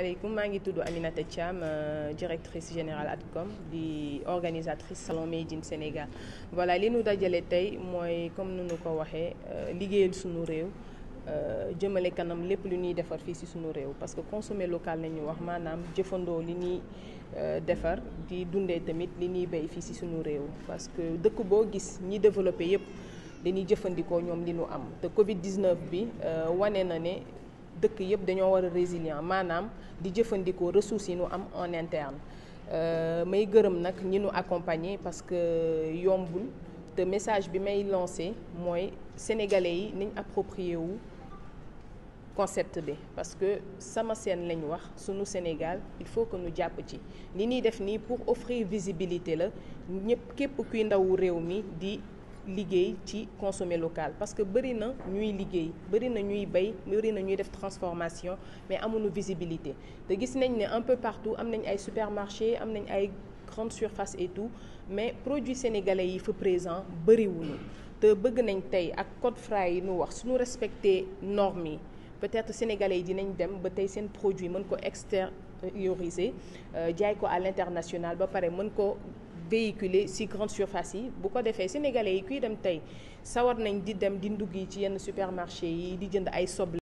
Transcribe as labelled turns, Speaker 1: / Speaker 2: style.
Speaker 1: alaykoum maa ngi tudd Aminata Thiam euh, directrice générale ATCOM di organisatrice salon Made in Sénégal voilà li nu dajale tey mooy comme nu nu ko waxee euh, liggéeyal sunu réew euh, jëmale kanam lépp lu ñuy defar fii ci sunu réew parce que consommer local ñu wax maanaam jëfandoo li ñuy defar di dundee tamit li ñuy béy fii ci sunu réew parce que dëkk boo gis ñi développé yépp dañuy jëfandikoo ñoom li nu am te Covid 19 bi wane na ne dëkk yëpp dañoo war a résilient maanaam di jëfandikoo ressources yi nu am en interne euh, may gërëm nag ñi nu accompagner parce que yombul te message bi may lancé mooy sénégalais yi niñ approprié wu concept bi parce que sama seen lañ wax sunu Sénégal il faut que nu jàpp ci li ñuy def nii pour offrir visibilité la ñëpp képp kuy ndawu réew mi di liggéey ci consommer local parce que bari na ñuy liggéey bari na ñuy bay bari na ñuy def transformation mais amuñu visibilité te gis nañ ne un peu partout am nañ ay supermarché am nañ ay grandes surfaces et tout mais produits sénégalais yi fa présent wuñu te bëgg nañ tay ak code fra yi nu wax suñu respecter normes yi peut-être sénégalais yi dinañ dem ba tay seen produit mën ko extérioriser euh, jaay ko à l'international ba paré mën ko véhiculer si grande surface beaucoup de ko sénégalais qui kuy dem tey sawar nañ di dem di un ci yenn supermarché yi di jënd ay